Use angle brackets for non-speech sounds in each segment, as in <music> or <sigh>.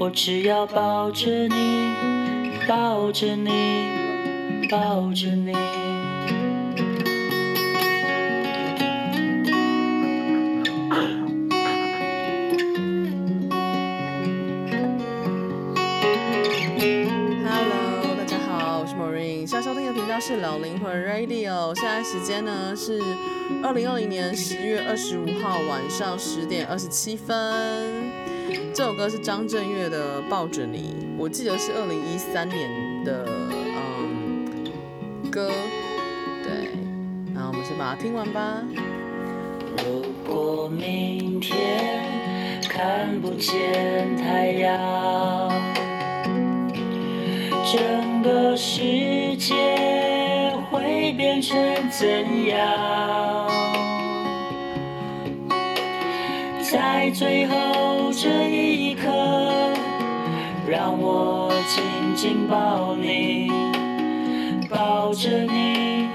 我只要抱着你，抱着你，抱着你。Hello，大家好，我是 Maureen，現在收聽的頻道是老靈魂 Radio，現在時間呢是二零二零年十月二十五號晚上十點二十七分。這首歌是張震岳的《抱着你》，我記得是二零一三年的嗯歌，對，那我們先把它聽完吧。如果明天看不見太陽，整個世界會變成怎樣？在最後。這一刻，讓我緊緊抱你，抱着你，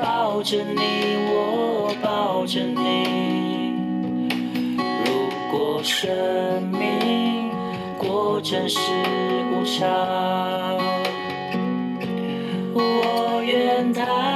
抱着你，我抱着你。如果生命過程是無常，我願。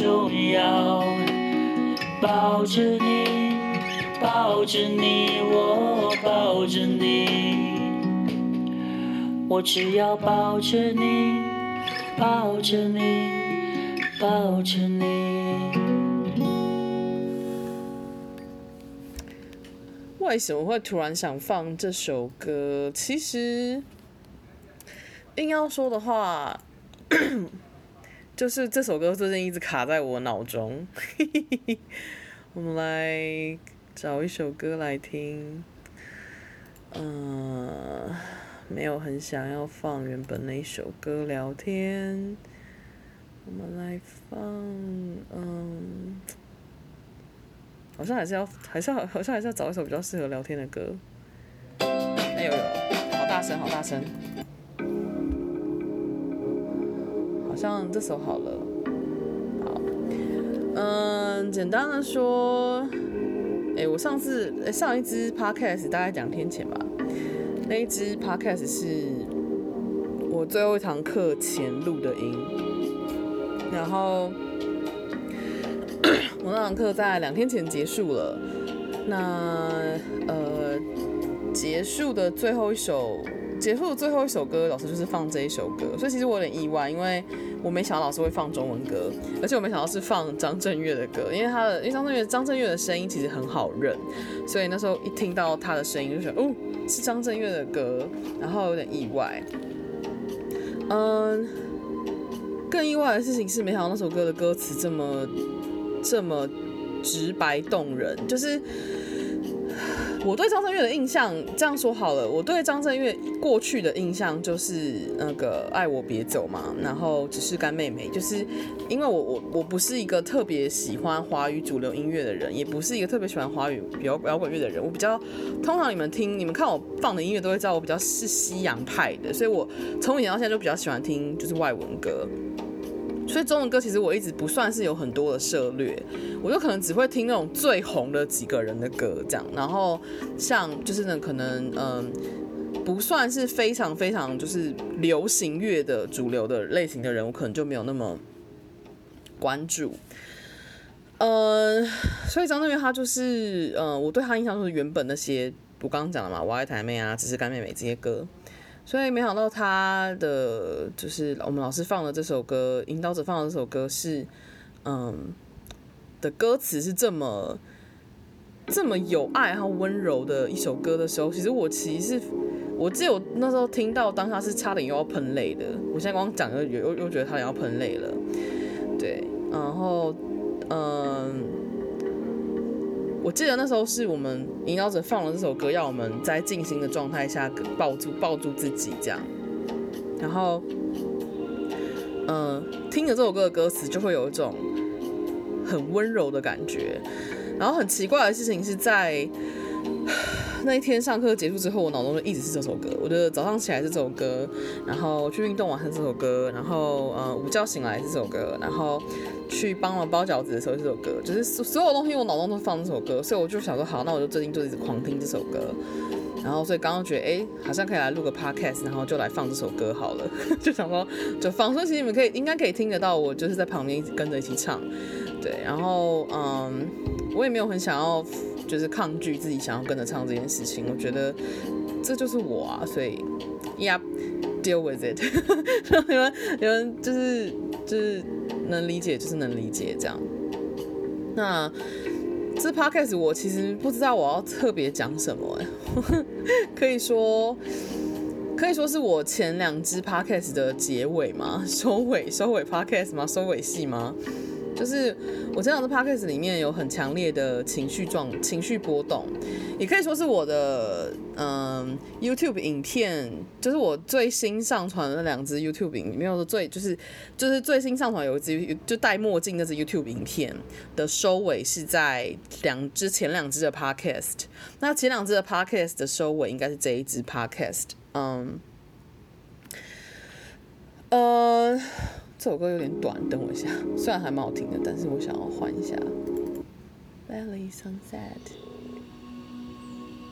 就要抱着你，抱着你，抱着你，我只要抱着你，抱着你，抱着你。為什麼會突然想放這首歌？其實，硬要說的話。 <coughs> 就是這首歌最近一直卡在我腦中，嘿嘿嘿，我們來找一首歌來聽。嗯，沒有很想要放原本那首歌聊天。我們來放，嗯，好像還是要，還是好好像還是要找一首比較適合聊天的歌。哎呦呦，好大聲，好大聲！像這首好了，好，嗯，簡單的說，哎，我上次、欸、上一支 Podcast 大概兩天前吧，那一支 Podcast 是我最後一堂課前錄的音，然後我那堂課在兩天前結束了，那呃結束的最後一首。結束最後一首歌，老師就是放這一首歌，所以其實我有點意外，因為我沒想到老師會放中文歌，而且我沒想到是放張震岳的歌，因為他的，因為張震岳，張震岳的聲音其實很好認，所以那時候一聽到他的聲音就想，哦，是張震岳的歌，然後有點意外。嗯，更意外的事情是，沒想到那首歌的歌詞這麼這麼直白動人，就是。我對張震岳的印象，這樣說好了，我對張震岳過去的印象就是那個“愛我別走”嘛，然後只是乾妹妹，就是因為我我我不是一個特別喜歡華語主流音樂的人，也不是一個特別喜歡華語搖搖滾樂的人，我比較通常你們聽你們看我放的音樂都會知道我比較是西洋派的，所以我從以前到現在就比較喜歡聽就是外文歌。所以中文歌其實我一直不算是有很多的涉獵，我就可能只會聽那種最紅的幾個人的歌這樣，然後像就是呢，可能嗯、呃，不算是非常非常就是流行樂的主流的類型的人，我可能就沒有那麼關注。嗯、呃，所以張震嶽他就是嗯、呃，我對他印象就是原本那些我剛剛講了嘛，我愛台妹啊、只是乾妹妹這些歌。所以沒想到他的就是我們老師放的這首歌，引導者放的這首歌是，嗯的歌詞是這麼這麼有愛和溫柔的一首歌的時候，其實我其實我記得，我那時候聽到當下，是差點又要噴淚的，我現在光講又又又覺得他要噴淚了，對，然後嗯。我記得那時候是我們引導者放了這首歌，要我們在靜心的狀態下抱住抱住自己這樣，然後，嗯，聽着這首歌的歌詞就會有一種很溫柔的感覺，然後很奇怪的事情是在。那一天上課結束之後，我腦中就一直是這首歌。我就早上起來是這首歌，然後去運動完是這首歌，然後呃午覺醒來是這首歌，然後去幫我包餃子的時候是這首歌，就是所有東西我腦中都放這首歌。所以我就想說，好，那我就最近就一直狂聽這首歌。然後所以剛剛覺得，哎，好像可以來錄個 podcast，然後就來放這首歌好了。就想說，就放所以其實你們可以，應該可以聽得到，我就是在旁邊一直跟着一起唱。對，然後嗯，我也沒有很想要。就是抗拒自己想要跟着唱這件事情，我覺得這就是我啊，所以呀，yep，deal with it。 <laughs> 你們你們就是就是能理解，就是能理解這樣。那這 Podcast 我其實不知道我要特別講什麼，欸， <laughs> 可以說可以說是我前兩支 Podcast 的結尾嗎？收尾收尾 Podcast 嗎？收尾戲嗎？就是我前兩次 podcast 裡面有很強烈的情緒狀、情緒波動，也可以說是我的嗯 YouTube 影片，就是我最新上傳的那兩支 YouTube 影片，沒有說最就是就是最新上傳有一支，就戴墨鏡那只 YouTube 影片的收尾是在兩支、就是、前兩支的 podcast，那前兩支的 podcast 的收尾應該是這一支 podcast，嗯，呃。這首歌有點短，等我一下。雖然還蠻好聽的，但是我想要換一下。Valley Sunset，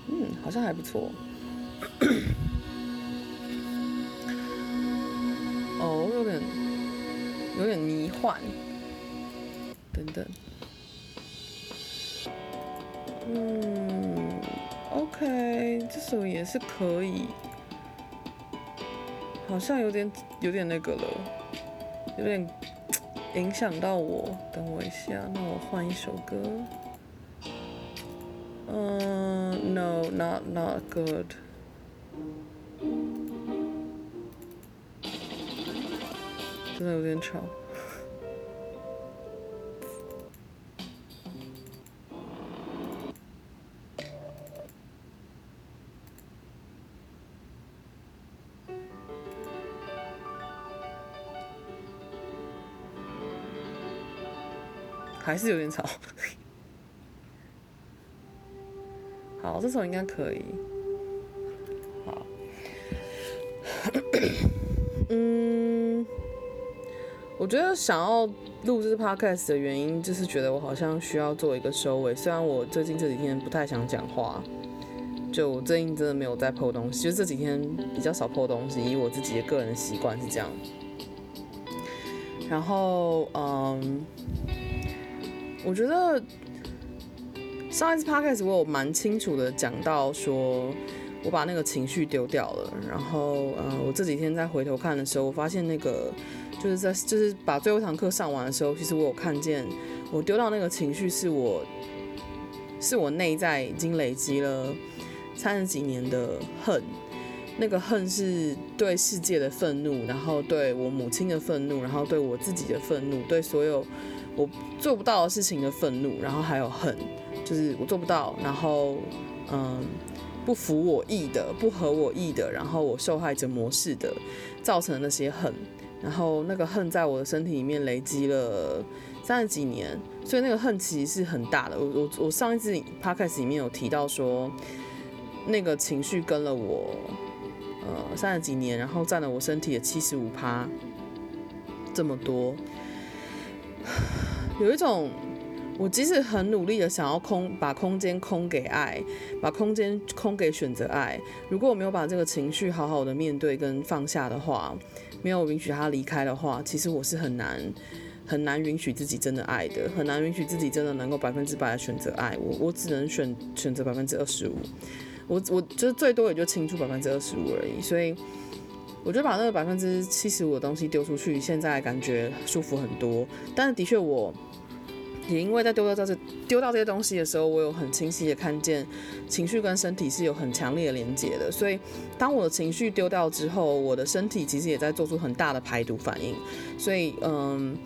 嗯，好像還不錯。哦， <coughs> oh, 有點，有點迷幻。等等。嗯，OK，這首也是可以。好像有點，有點那個了。有點影響到我，等我一下，那我換一首歌。嗯，uh, no not not good，真的有點吵還是有點吵。 <laughs> 好，這首應該可以。好， <coughs> 嗯，我覺得想要錄制 podcast 的原因，就是覺得我好像需要做一個收尾，欸。雖然我最近這幾天不太想講話，就我最近真的沒有在 po 東西，其實，就是，這幾天比較少 po 東西，以我自己的個人習慣是這樣。然後，嗯。我覺得上一次 Podcast 我有蠻清楚的講到說，我把那個情緒丟掉了。然後，嗯，我這幾天在回頭看的時候，我發現那個就是在就是把最後一堂課上完的時候，其實我有看見我丟掉那個情緒，是我是我內在已經累積了三十幾年的恨。那個恨是對世界的憤怒，然後對我母親的憤怒，然後對我自己的憤怒，對所有。我做不到的事情的憤怒，然後還有恨，就是我做不到，然後嗯，不服我意的，不合我意的，然後我受害者模式的，造成的那些恨，然後那個恨在我的身體裡面累積了三十幾年，所以那個恨其實是很大的。我我我上一次 Podcast 裡面有提到說，那個情緒跟了我呃三十幾年，然後佔了我身體的七十五趴，這麼多。有一種，我即使很努力的想要空，把空間空給愛，把空間空給選擇愛。如果我沒有把這個情緒好好的面對跟放下的話，沒有允許他離開的話，其實我是很難很難允許自己真的愛的，很難允許自己真的能夠百分之百的選擇愛。我我只能選選擇百分之二十五，我我就最多也就傾注百分之二十五而已，所以。我就把那個百分之七十五的東西丟出去，現在感覺舒服很多。但是的確，我也因為在丟掉這丟掉這些東西的時候，我有很清晰的看見情緒跟身體是有很強烈的連接的。所以當我的情緒丟掉之後，我的身體其實也在做出很大的排毒反應。所以，嗯。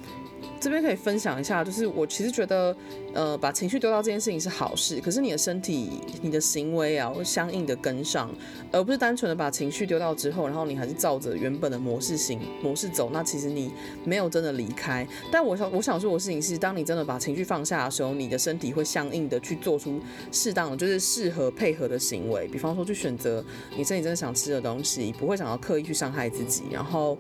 這邊可以分享一下，就是我其實覺得，呃，把情緒丟到這件事情是好事，可是你的身體、你的行為啊，會相應的跟上，而不是單純的把情緒丟到之後，然後你還是照着原本的模式行模式走，那其實你沒有真的離開。但我想，我想說的事情是，當你真的把情緒放下的時候，你的身體會相應的去做出適當的，就是適合配合的行為，比方說去選擇你身體真的想吃的東西，不會想要刻意去傷害自己，然後。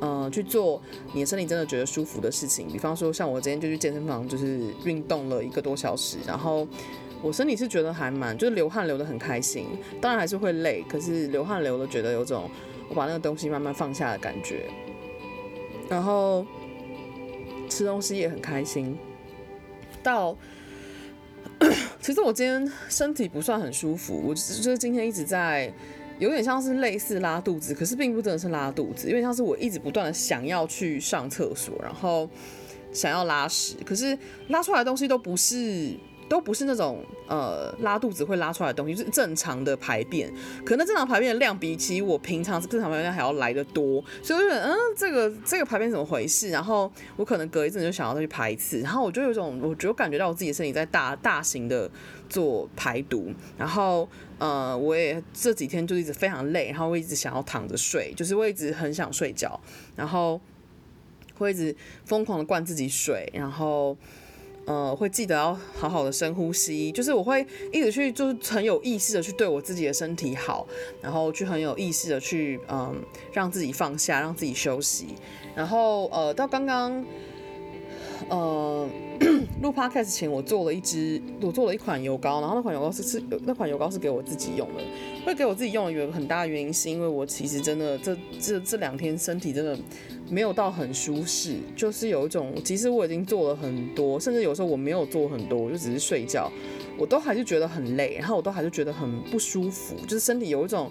呃，去做你的身體真的覺得舒服的事情，比方說像我今天就去健身房，就是運動了一個多小時，然後我身體是覺得還蠻，就是流汗流的很開心，當然還是會累，可是流汗流的覺得有種我把那個東西慢慢放下的感覺，然後吃東西也很開心。到其實我今天身體不算很舒服，我就是、就是、今天一直在。有點像是類似拉肚子，可是並不真的是拉肚子，因為像是我一直不斷的想要去上廁所，然後想要拉屎，可是拉出來的東西都不是。都不是那種呃拉肚子會拉出來的東西，就是正常的排便，可能正常排便的量比起我平常正常排便量還要來得多，所以我就覺得嗯這個這個排便怎麼回事？然後我可能隔一陣就想要再去排一次，然後我就有一種我就感覺到我自己的身體在大大型的做排毒，然後呃我也這幾天就一直非常累，然後我一直想要躺着睡，就是我一直很想睡覺，然後會一直瘋狂的灌自己水，然後。呃，會記得要好好的深呼吸，就是我會一直去，就是很有意識的去對我自己的身體好，然後去很有意識的去，嗯，讓自己放下，讓自己休息，然後呃，到剛剛。呃，錄 Podcast 開始前我做了一支，我做了一款油膏，然後那款油膏是是那款油膏是給我自己用的。會給我自己用的有很大的原因，是因為我其實真的這這這兩天身體真的沒有到很舒適，就是有一種其實我已經做了很多，甚至有時候我沒有做很多，我就只是睡覺，我都還是覺得很累，然後我都還是覺得很不舒服，就是身體有一種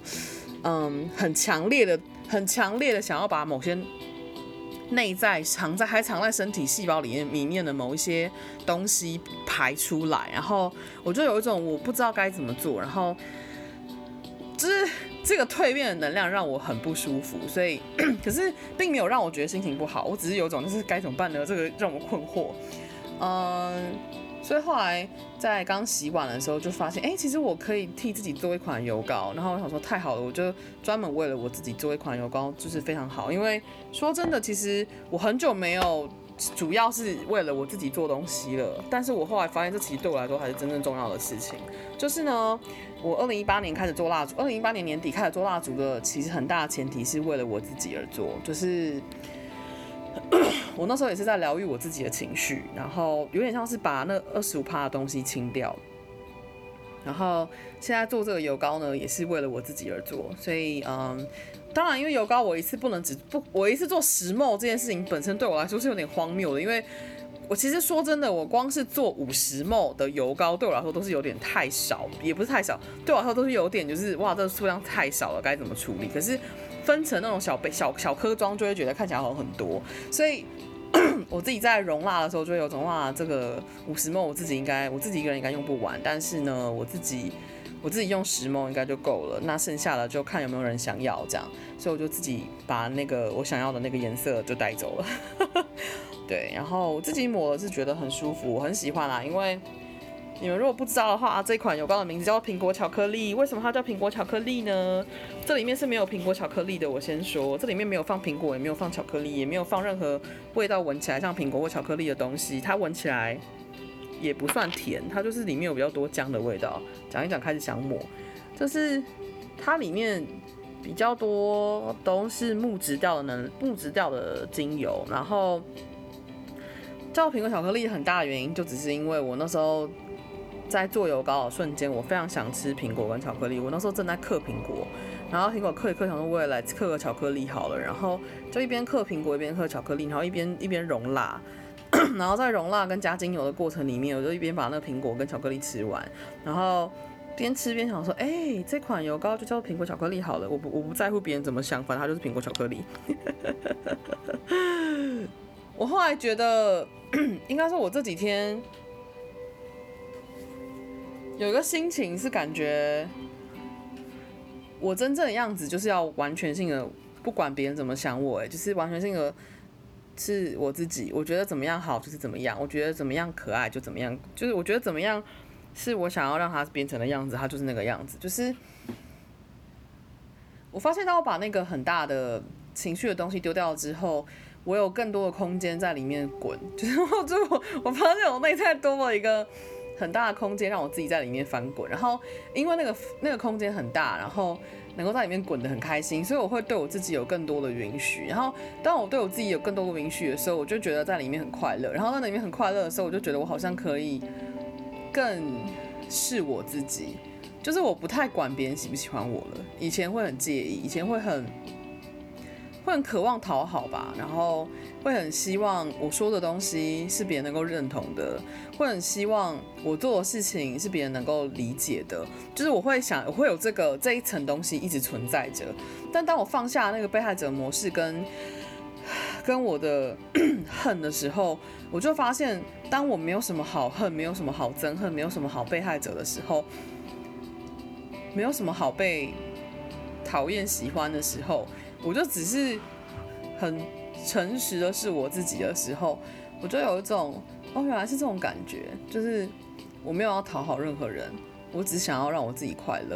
嗯、呃、很強烈的很強烈的想要把某些。內在藏在，還藏在身體細胞裡面，裡面的某一些東西排出來，然後我就有一種我不知道該怎麼做，然後就是這個蛻變的能量讓我很不舒服，所以 <coughs> 可是並沒有讓我覺得心情不好，我只是有一種就是該怎麼辦呢？這個讓我困惑，嗯、uh...。所以後來在剛洗碗的時候就發現，誒、欸，其實我可以替自己做一款油膏。然後我想說太好了，我就專門為了我自己做一款油膏，就是非常好。因為說真的，其實我很久沒有，主要是為了我自己做東西了。但是我後來發現，這其實對我來說還是真正重要的事情。就是呢，我二零一八年開始做蠟燭，二零一八年年底開始做蠟燭的，其實很大的前提是為了我自己而做，就是。 <coughs> 我那時候也是在療癒我自己的情緒，然後有點像是把那二十五趴的東西清掉，然後現在做這個油膏呢，也是為了我自己而做，所以嗯，當然因為油膏我一次不能只不，我一次做十毫升這件事情本身對我來說是有點荒謬的，因為我其實說真的，我光是做五十毫升的油膏對我來說都是有點太少，也不是太少，對我來說都是有點就是哇，這個數量太少了，該怎麼處理？可是。分成那種小杯，小小顆裝，就會覺得看起來好很多。所以 <coughs> 我自己在融蠟的時候，就會有種哇：這個五十 ml，我自己應該我自己一個人應該用不完。但是呢，我自己我自己用十 ml 應該就夠了。那剩下的就看有沒有人想要這樣。所以我就自己把那個我想要的那個顏色就帶走了。 <laughs> 對，然後我自己抹了，是覺得很舒服，我很喜歡啦，啊，因為。你們如果不知道的話，啊，這款油膏的名字叫蘋果巧克力。為什麼它叫蘋果巧克力呢？這裡面是沒有蘋果巧克力的，我先說，這裡面沒有放蘋果，也沒有放巧克力，也沒有放任何味道，聞起來像蘋果或巧克力的東西。它聞起來也不算甜，它就是裡面有比較多薑的味道。講一講，開始想抹，就是它裡面比較多都是木質調的能木質調的精油。然後叫蘋果巧克力很大的原因，就只是因為我那時候。在做油膏的瞬間，我非常想吃蘋果跟巧克力。我那時候正在嗑蘋果，然後蘋果嗑一嗑，想說我也來嗑個巧克力好了。然後就一邊嗑蘋果一邊嗑巧克力，然後一邊一邊融蠟，然後在融蠟跟加精油的過程裡面，我就一邊把那個蘋果跟巧克力吃完，然後邊吃邊想說：哎、欸，這款油膏就叫做蘋果巧克力好了。我不我不在乎別人怎麼想，反正它就是蘋果巧克力。 <laughs> 我後來覺得，應該說我這幾天。有一個心情是感覺，我真正的樣子就是要完全性的，不管別人怎麼想我、欸，哎,就是完全性的，是我自己，我覺得怎麼樣好就是怎麼樣，我覺得怎麼樣可愛就怎麼樣，就是我覺得怎麼樣是我想要讓它變成的樣子，它就是那個樣子。就是我發現當我把那個很大的情緒的東西丟掉了之後，我有更多的空間在裡面滾，就是我，就我發現我內在多了一個。很大的空間讓我自己在裡面翻滾，然後因為那個那個空間很大，然後能夠在裡面滾得很開心，所以我會對我自己有更多的允許。然後當我對我自己有更多的允許的時候，我就覺得在裡面很快樂。然後在裡面很快樂的時候，我就覺得我好像可以更是我自己，就是我不太管別人喜不喜歡我了。以前會很介意，以前會很，會很渴望討好吧，然後會很希望我說的東西是別人能夠認同的，會很希望我做的事情是別人能夠理解的。就是我會想，我會有這個這一層東西一直存在着。但當我放下那個被害者模式跟跟我的恨的時候，我就發現，當我沒有什麼好恨，沒有什麼好憎恨，沒有什麼好被害者的時候，沒有什麼好被討厭喜歡的時候，我就只是很誠實的是我自己的時候，我就有一種哦，原來是這種感覺，就是我沒有要討好任何人，我只想要讓我自己快樂。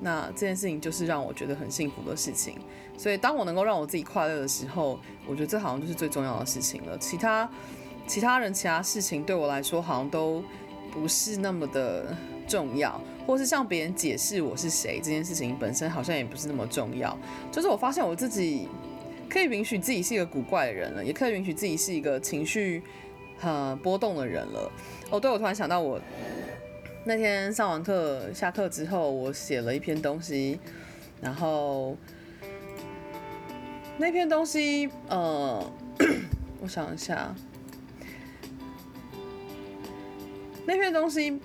那這件事情就是讓我覺得很幸福的事情。所以當我能夠讓我自己快樂的時候，我覺得這好像就是最重要的事情了。其他其他人、其他事情對我來說好像都不是那麼的重要。或是向別人解釋我是誰這件事情本身好像也不是那麼重要，就是我發現我自己可以允許自己是一個古怪的人了，也可以允許自己是一個情緒呃波動的人了。哦，對，我突然想到我，我那天上完課下課之後，我寫了一篇東西，然後那篇東西，呃，我想一下，那篇東西。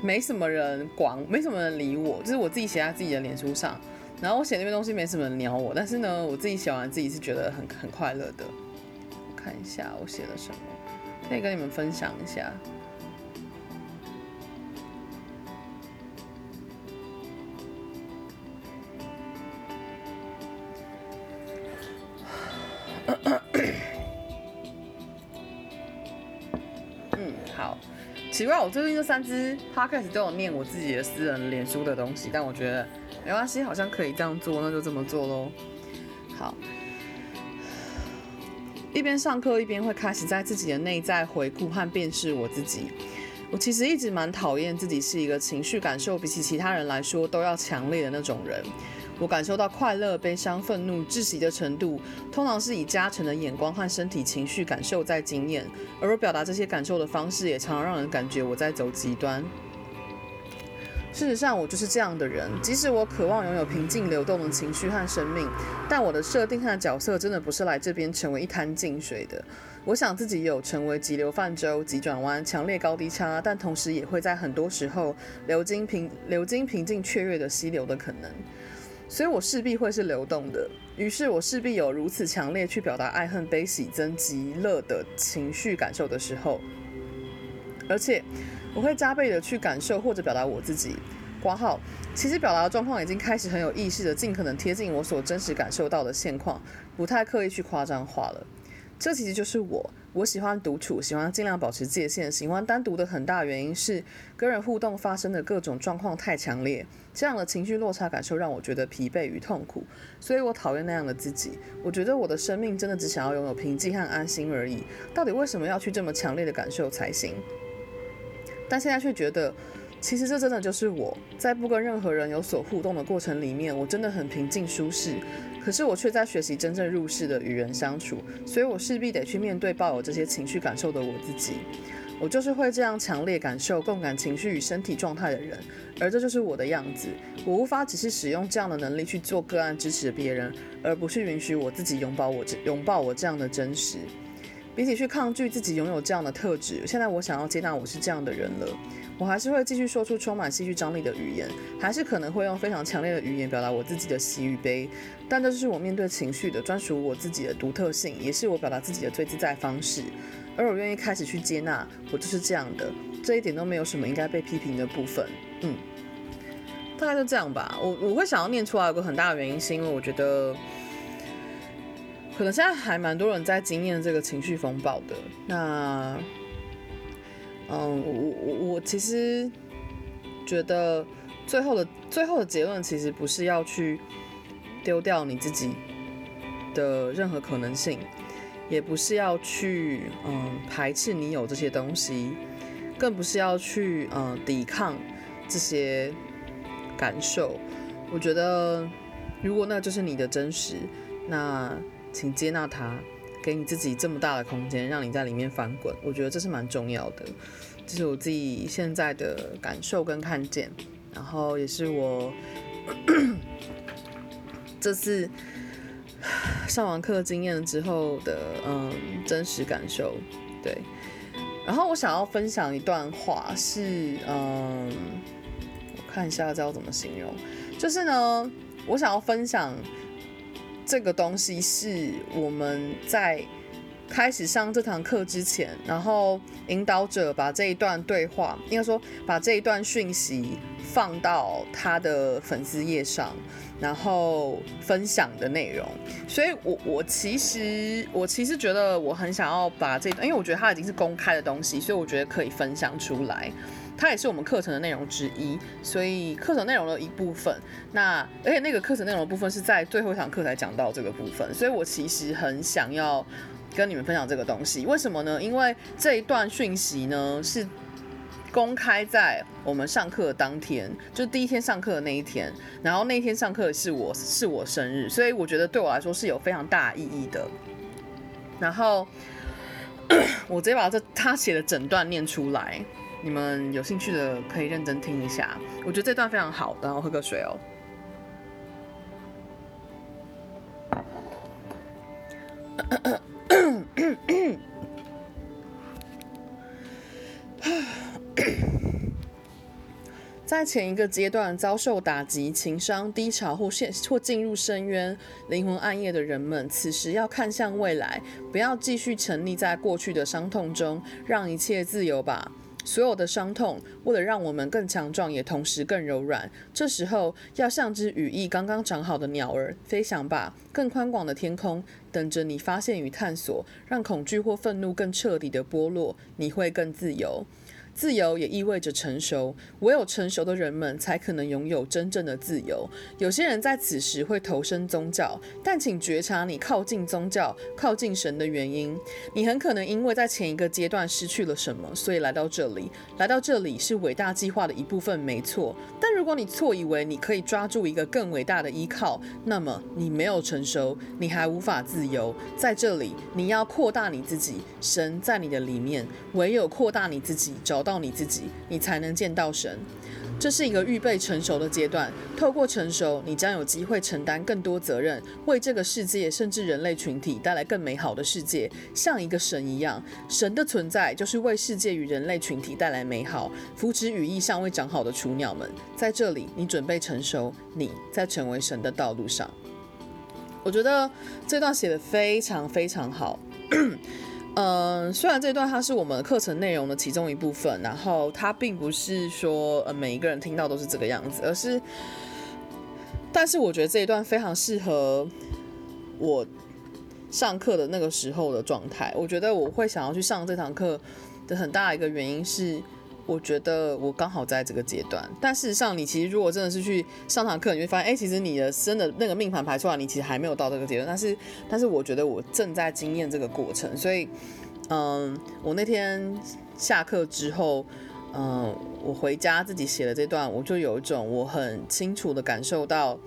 沒什麼人管，沒什麼人理我，就是我自己寫在自己的臉書上。然後我寫那邊東西沒什麼人鳥我，但是呢，我自己寫完自己是覺得很很快樂的。我看一下我寫了什麼，可以跟你們分享一下。我最近這三支，他開始都有念我自己的私人臉書的東西，但我覺得沒關係，好像可以這樣做，那就這麼做咯。好，一邊上課一邊會開始在自己的內在回顧和辨識我自己。我其實一直蠻討厭自己是一個情緒感受比起其、其他人來說都要強烈的那種人。我感受到快樂、悲傷、憤怒、窒息的程度，通常是以加成的眼光和身體情緒感受在經驗，而我表達這些感受的方式也常常讓人感覺我在走極端。事實上，我就是這樣的人。即使我渴望擁有平靜流動的情緒和生命，但我的設定和角色真的不是來這邊成為一灘淨水的。我想自己有成為急流泛舟、急轉彎、強烈高低差，但同時也會在很多時候流經平流經平靜雀躍的溪流的可能。所以我勢必會是流動的，於是我勢必有如此強烈去表達愛恨悲喜增極樂的情緒感受的時候，而且我會加倍的去感受或者表達我自己。括號，其實表達的狀況已經開始很有意識的盡可能貼近我所真實感受到的現況，不太刻意去誇張化了。這其實就是我。我喜歡獨處，喜歡盡量保持界限，喜歡單獨的很大的原因是，跟人互動發生的各種狀況太強烈，這樣的情緒落差感受讓我覺得疲憊與痛苦，所以我討厭那樣的自己。我覺得我的生命真的只想要擁有平靜和安心而已，到底為什麼要去這麼強烈的感受才行？但現在卻覺得，其實這真的就是我，在不跟任何人有所互動的過程裡面，我真的很平靜舒適。可是我卻在學習真正入世的與人相處，所以我勢必得去面對抱有這些情緒感受的我自己。我就是會這樣強烈感受共感情緒與身體狀態的人，而這就是我的樣子。我無法只是使用這樣的能力去做個案支持別人，而不是允許我自己擁抱我這擁抱我這樣的真實。比起去抗拒自己擁有這樣的特質，現在我想要接納我是這樣的人了。我還是會繼續說出充滿戲劇張力的語言，還是可能會用非常強烈的語言表達我自己的喜與悲。但這是我面對情緒的專屬我自己的獨特性，也是我表達自己的最自在方式。而我願意開始去接納，我就是這樣的，這一點都沒有什麼應該被批評的部分。嗯，大概就這樣吧。我我會想要念出來，有個很大的原因是因為我覺得。可能現在還蠻多人在經驗這個情緒風暴的。那，嗯，我我我其實覺得最後的最後的結論其實不是要去丟掉你自己的任何可能性，也不是要去嗯排斥你有這些東西，更不是要去嗯抵抗這些感受。我覺得如果那就是你的真實，那。請接納他，給你自己這麼大的空間，讓你在裡面翻滾。我覺得這是蠻重要的，這、就是我自己現在的感受跟看見，然後也是我咳咳這次上完課經驗之後的嗯真實感受。對，然後我想要分享一段話，是嗯，我看一下要怎麼形容，就是呢，我想要分享。這個東西是我們在開始上這堂課之前，然後引導者把這一段對話，應該說把這一段訊息放到他的粉絲頁上，然後分享的內容。所以我，我我其實我其實覺得我很想要把這段，因為我覺得它已經是公開的東西，所以我覺得可以分享出來。它也是我們課程的內容之一，所以課程內容的一部分。那而且、欸、那個課程內容的部分是在最後一堂課才講到這個部分，所以我其實很想要跟你們分享這個東西。為什麼呢？因為這一段訊息呢是公開在我們上課當天，就是第一天上課的那一天。然後那一天上課是我是我生日，所以我覺得對我來說是有非常大意義的。然後 <coughs> 我直接把這他寫的整段念出來。你們有興趣的可以認真聽一下，我覺得這段非常好。然後喝個水哦、喔。在前一個階段遭受打擊、情傷低潮或陷或進入深淵、靈魂暗夜的人們，此時要看向未來，不要繼續沉溺在過去的傷痛中，讓一切自由吧。所有的傷痛，為了讓我們更強壯，也同時更柔軟。這時候，要像只羽翼剛剛長好的鳥兒，飛翔吧！更寬廣的天空等着你發現與探索，讓恐懼或憤怒更徹底的剝落，你會更自由。自由也意味着成熟，唯有成熟的人們才可能擁有真正的自由。有些人在此時會投身宗教，但請覺察你靠近宗教、靠近神的原因。你很可能因為在前一個階段失去了什麼，所以來到這裡。來到這裡是偉大計劃的一部分，沒錯。但如果你錯以為你可以抓住一個更偉大的依靠，那麼你沒有成熟，你還無法自由。在這裡，你要擴大你自己，神在你的裡面，唯有擴大你自己，找。到你自己，你才能見到神。這是一個預備成熟的階段。透過成熟，你將有機會承擔更多責任，為這個世界甚至人類群體帶來更美好的世界，像一個神一樣。神的存在就是為世界與人類群體帶來美好，扶持羽翼尚未長好的雛鳥們。在這裡，你準備成熟，你在成為神的道路上。我覺得這段寫得非常非常好。 <coughs> 嗯，雖然這一段它是我們課程內容的其中一部分，然後它並不是說呃，每一個人聽到都是這個樣子，而是，但是我覺得這一段非常適合我上課的那個時候的狀態。我覺得我會想要去上這堂課的很大一個原因是，我覺得我剛好在這個階段，但事實上，你其實如果真的是去上堂課，你會發現，哎、欸，其實你的生的那個命盤排出來，你其實還沒有到這個階段。但是，但是我覺得我正在經驗這個過程，所以，嗯，我那天下課之後，嗯，我回家自己寫的這段，我就有一種我很清楚的感受到。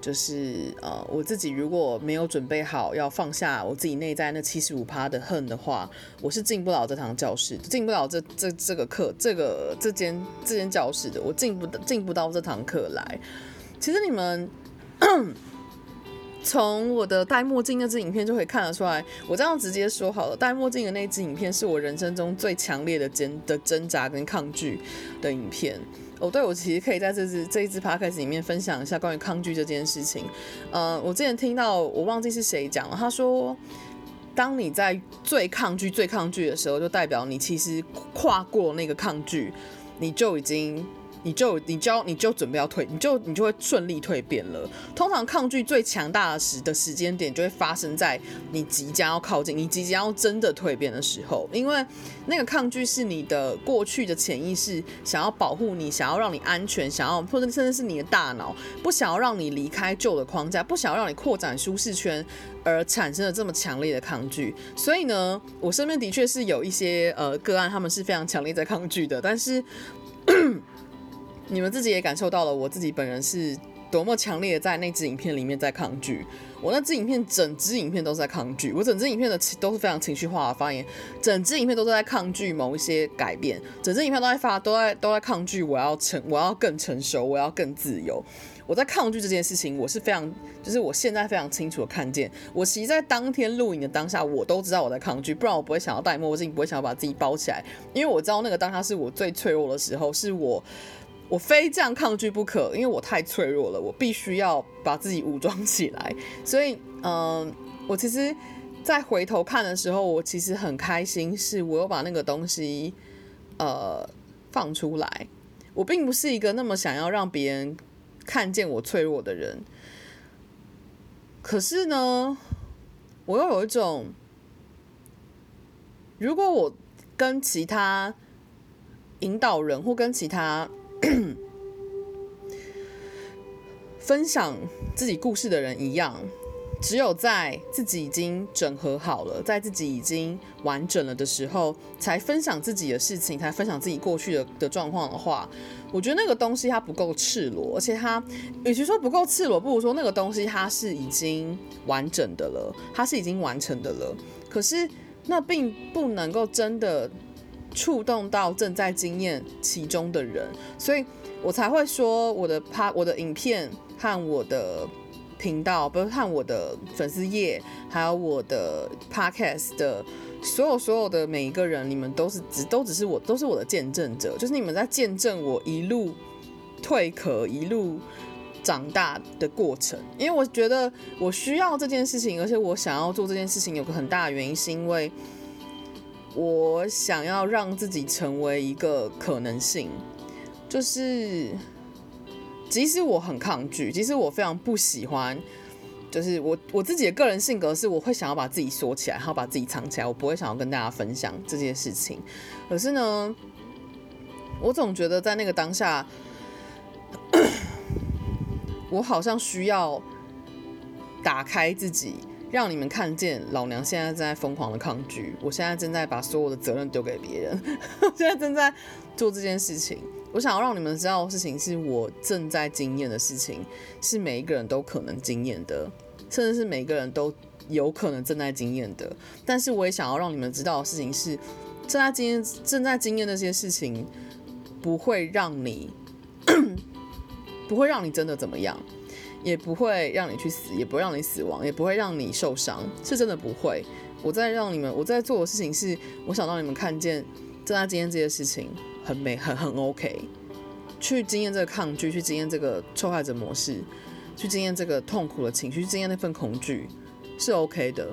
就是呃，我自己如果沒有準備好要放下我自己內在那七十五趴的恨的話，我是進不了這堂教室，進不了這這這個課，這個這間、個、這間教室的，我進不進不到這堂課來。其實你們從我的戴墨鏡那支影片就可以看得出來，我這樣直接說好了，戴墨鏡的那支影片是我人生中最強烈的堅的掙扎跟抗拒的影片。哦、oh，對，我其實可以在這支這一支拍 o d 裡面分享一下關於抗拒這件事情。呃，我之前聽到，我忘記是誰講了，他說，當你在最抗拒、最抗拒的時候，就代表你其實跨過那個抗拒，你就已經。你就你就要你就準備要退，你就你就會順利蛻變了。通常抗拒最強大的時的時間點，就會發生在你即將要靠近、你即將要真的蛻變的時候，因為那個抗拒是你的過去的潛意識想要保護你、想要讓你安全、想要或者甚至是你的大腦不想要讓你離開舊的框架、不想要讓你擴展舒適圈而產生了這麼強烈的抗拒。所以呢，我身邊的確是有一些呃個案，他們是非常強烈在抗拒的，但是。 <coughs> 你們自己也感受到了，我自己本人是多麼強烈的在那支影片裡面在抗拒。我那支影片，整支影片都是在抗拒。我整支影片的都是非常情緒化的發言，整支影片都是在抗拒某一些改變。整支影片都在發，都在都在抗拒。我要成，我要更成熟，我要更自由。我在抗拒這件事情，我是非常，就是我現在非常清楚的看見，我其實在當天錄影的當下，我都知道我在抗拒。不然我不會想要戴墨鏡，不會想要把自己包起來，因為我知道那個當下是我最脆弱的時候，是我。我非這樣抗拒不可，因為我太脆弱了。我必須要把自己武裝起來。所以，嗯、呃，我其實，在回頭看的時候，我其實很開心，是我又把那個東西，呃，放出來。我並不是一個那麼想要讓別人看見我脆弱的人。可是呢，我又有一種，如果我跟其他引導人或跟其他，分享自己故事的人一樣，只有在自己已經整合好了，在自己已經完整了的時候，才分享自己的事情，才分享自己過去的的狀況的話，我覺得那個東西它不夠赤裸，而且它與其說不夠赤裸，不如說那個東西它是已經完整的了，它是已經完成的了。可是那並不能夠真的觸動到正在經驗其中的人，所以我才會說我的拍我的影片。看我的頻道，不是看我的粉絲頁，還有我的 Podcast 的，所有所有的每一個人，你們都是只都只是我，都是我的見證者，就是你們在見證我一路退殼、一路長大的過程。因為我覺得我需要這件事情，而且我想要做這件事情，有個很大的原因是因為我想要讓自己成為一個可能性，就是。其實我很抗拒，其實我非常不喜歡，就是我我自己的個人性格是，我會想要把自己鎖起來，然後把自己藏起來，我不會想要跟大家分享這件事情。可是呢，我總覺得在那個當下， <coughs> 我好像需要打開自己，讓你們看見老娘現在正在瘋狂的抗拒，我現在正在把所有的責任丟給別人， <laughs> 我現在正在做這件事情。我想要讓你們知道的事情是我正在經驗的事情，是每一個人都可能經驗的，甚至是每一個人都有可能正在經驗的。但是我也想要讓你們知道的事情是，正在經驗、正在經驗那些事情不會讓你不會讓你真的怎麼樣，也不會讓你去死，也不會讓你死亡，也不會讓你受傷，是真的不會。我在讓你們，我在做的事情是，我想讓你們看見正在經驗這些事情。很美，很很 OK，去經驗這個抗拒，去經驗這個受害者模式，去經驗這個痛苦的情緒，去經驗那份恐懼是 OK 的，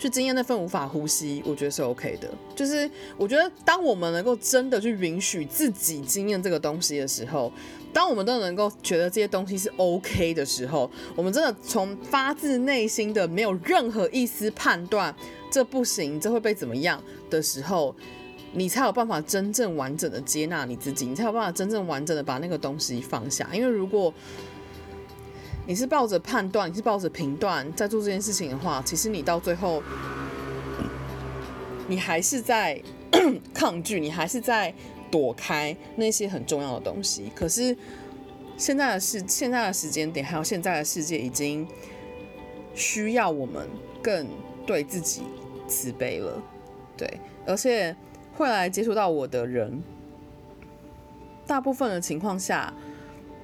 去經驗那份無法呼吸，我覺得是 OK 的。就是我覺得，當我們能夠真的去允許自己經驗這個東西的時候，當我們都能夠覺得這些東西是 OK 的時候，我們真的從發自內心的沒有任何一絲判斷，這不行，這會被怎麼樣的時候。你才有辦法真正完整的接納你自己，你才有辦法真正完整的把那個東西放下。因為如果你是抱着判斷，你是抱着評斷在做這件事情的話，其實你到最後，你還是在 <coughs> 抗拒，你還是在躲開那些很重要的東西。可是現在的時，現在的時間點，還有現在的世界，已經需要我們更對自己慈悲了。對，而且。會來接觸到我的人，大部分的情況下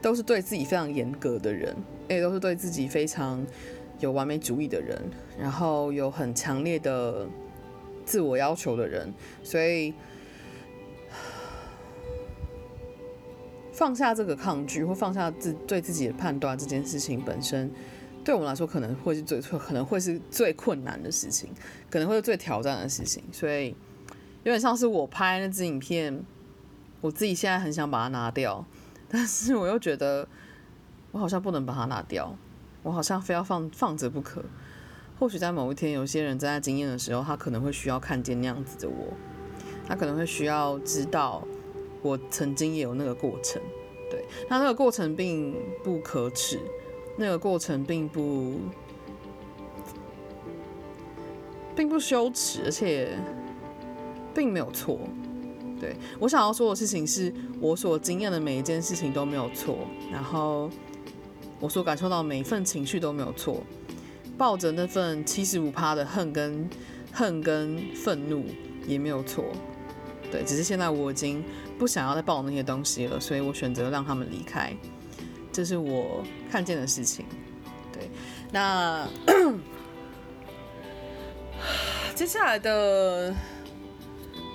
都是對自己非常嚴格的人，也都是對自己非常有完美主義的人，然後有很強烈的自我要求的人，所以放下這個抗拒，或放下自，對自己的判斷這件事情本身，對我們來說可能會是最，可能會是最困難的事情，可能會是最挑戰的事情，所以。有點像是我拍那支影片，我自己現在很想把它拿掉，但是我又覺得我好像不能把它拿掉，我好像非要放放着不可。或許在某一天，有些人正在經驗的時候，他可能會需要看見那樣子的我，他可能會需要知道我曾經也有那個過程。對，那那個過程並不可恥，那個過程並不並不羞恥，而且。並沒有錯，對，我想要說的事情是，我所經驗的每一件事情都沒有錯，然後我所感受到每一份情緒都沒有錯，抱着那份七十五趴的恨跟恨跟憤怒也沒有錯，對，只是現在我已經不想要再抱那些東西了，所以我選擇讓他們離開，這是我看見的事情，對，那 <coughs> 接下來的。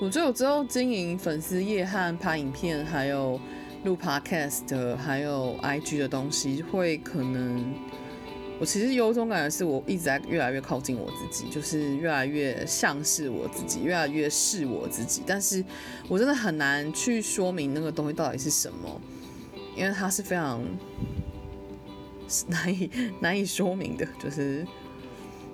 我覺得我之後經營粉絲頁和拍影片，還有錄 Podcast，還有 IG 的東西，會可能我其實有種感覺，是我一直在越來越靠近我自己，就是越來越像是我自己，越來越是我自己。但是我真的很難去說明那個東西到底是什麼，因為它是非常是難以難以說明的，就是。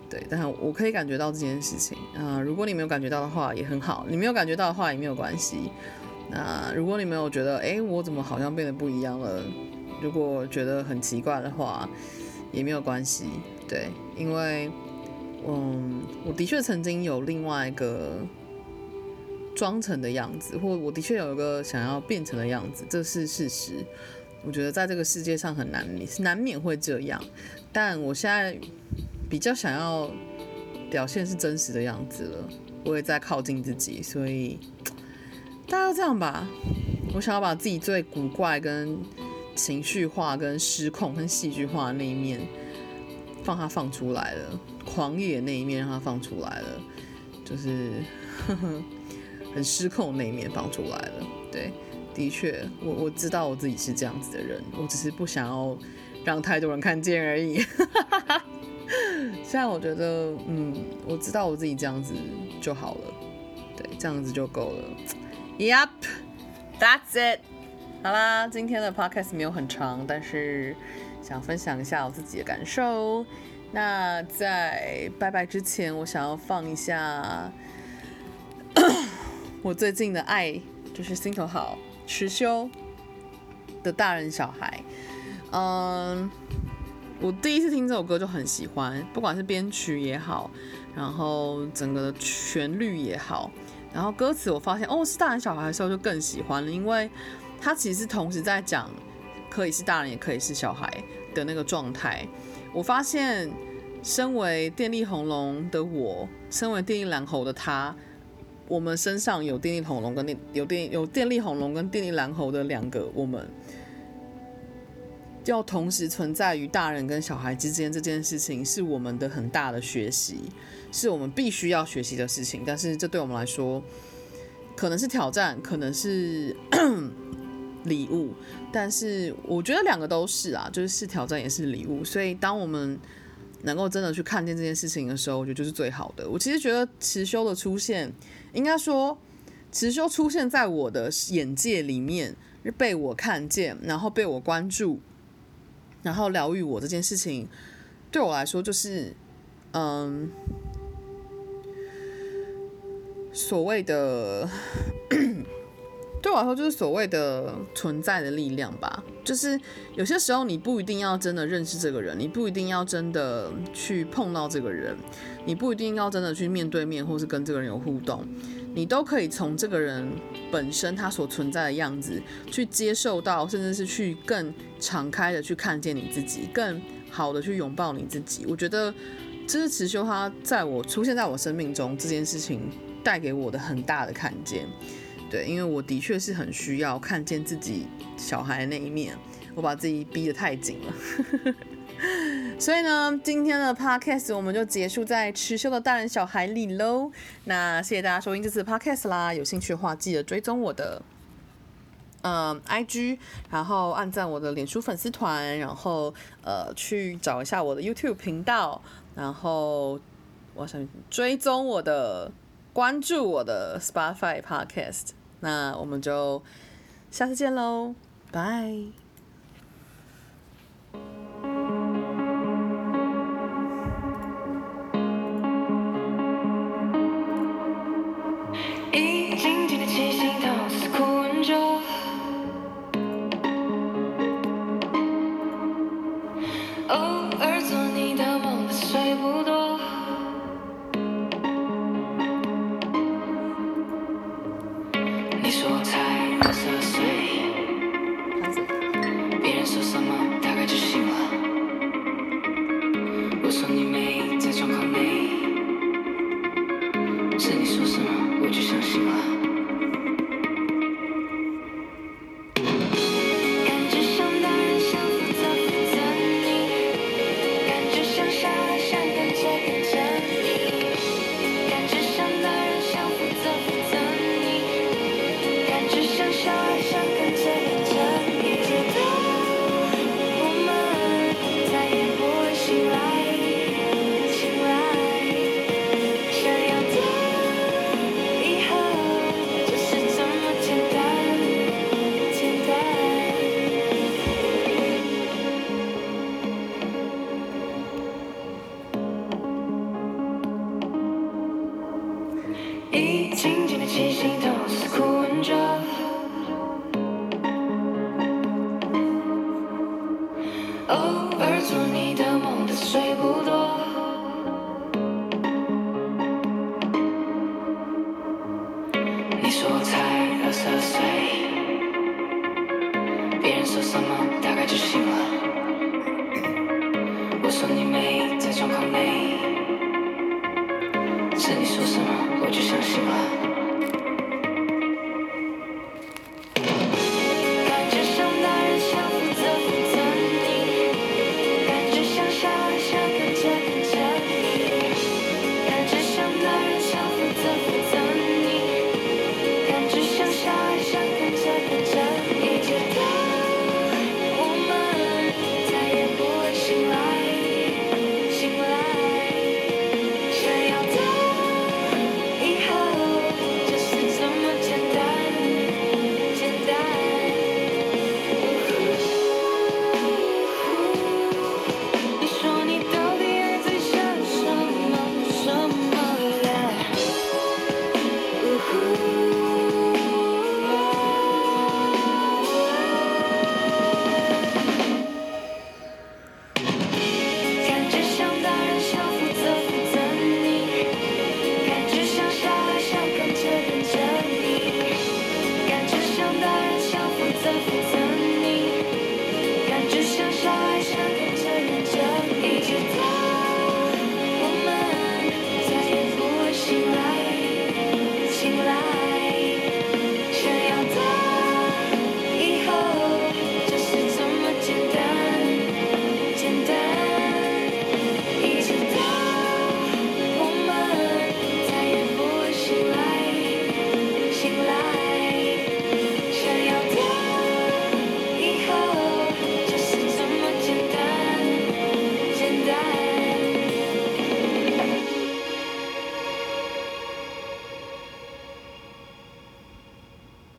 對，但我可以感覺到這件事情。啊、呃。如果你沒有感覺到的話，也很好。你沒有感覺到的話，也沒有關係。那如果你沒有覺得，哎、欸，我怎麼好像變得不一樣了？如果覺得很奇怪的話，也沒有關係。對，因為，嗯，我的確曾經有另外一個裝成的樣子，或我的確有一個想要變成的樣子，這是事實。我覺得在這個世界上很難，難免會這樣，但我現在。比較想要表現是真實的樣子了，我也在靠近自己，所以大家這樣吧。我想要把自己最古怪、跟情緒化、跟失控、跟戲劇化的那一面放他放出來了，狂野的那一面讓他放出來了，就是呵呵很失控的那一面放出來了。對，的確，我我知道我自己是這樣子的人，我只是不想要讓太多人看見而已。 <laughs> 雖然我覺得，嗯，我知道我自己這樣子就好了，對，這樣子就夠了。Yep, that's it。好啦，今天的 podcast 沒有很長，但是想分享一下我自己的感受。那在拜拜之前，我想要放一下 <coughs> 我最近的愛，就是心頭好，持修的大人小孩，嗯、um,。我第一次聽這首歌就很喜歡，不管是編曲也好，然後整個的旋律也好，然後歌詞我發現哦，是大人小孩的時候就更喜歡了，因為它其實同時在講，可以是大人也可以是小孩的那個狀態。我發現，身為電力紅龍的我，身為電力藍猴的他，我們身上有電力紅龍跟電，有電，有電力紅龍跟電力藍猴的兩個我們。要同時存在於大人跟小孩之間這件事情，是我們的很大的學習，是我們必須要學習的事情。但是這對我們來說，可能是挑戰，可能是禮 <coughs> 物。但是我覺得兩個都是啊，就是挑戰也是禮物。所以當我們能夠真的去看見這件事情的時候，我覺得就是最好的。我其實覺得慈修的出現，應該說慈修出現在我的眼界裡面，被我看見，然後被我關注。然後療癒我這件事情，對我來說就是，嗯，所謂的， <coughs> 對我來說就是所謂的存在的力量吧。就是有些時候你不一定要真的認識這個人，你不一定要真的去碰到這個人，你不一定要真的去面對面或是跟這個人有互動。你都可以從這個人本身他所存在的樣子去接受到，甚至是去更敞開的去看見你自己，更好的去擁抱你自己。我覺得支持修他在我出現在我生命中這件事情帶給我的很大的看見，對，因為我的確是很需要看見自己小孩的那一面，我把自己逼得太緊了。 <laughs> 所以呢，今天的 podcast 我們就結束在持修的大人小孩裡嘍。那謝謝大家收聽這次 podcast 啦，有興趣的話記得追蹤我的嗯 IG，然後按讚我的臉書粉絲團，然後呃去找一下我的 YouTube 頻道，然後我想追蹤我的關注我的 Spotify podcast。那我們就下次見嘍，拜。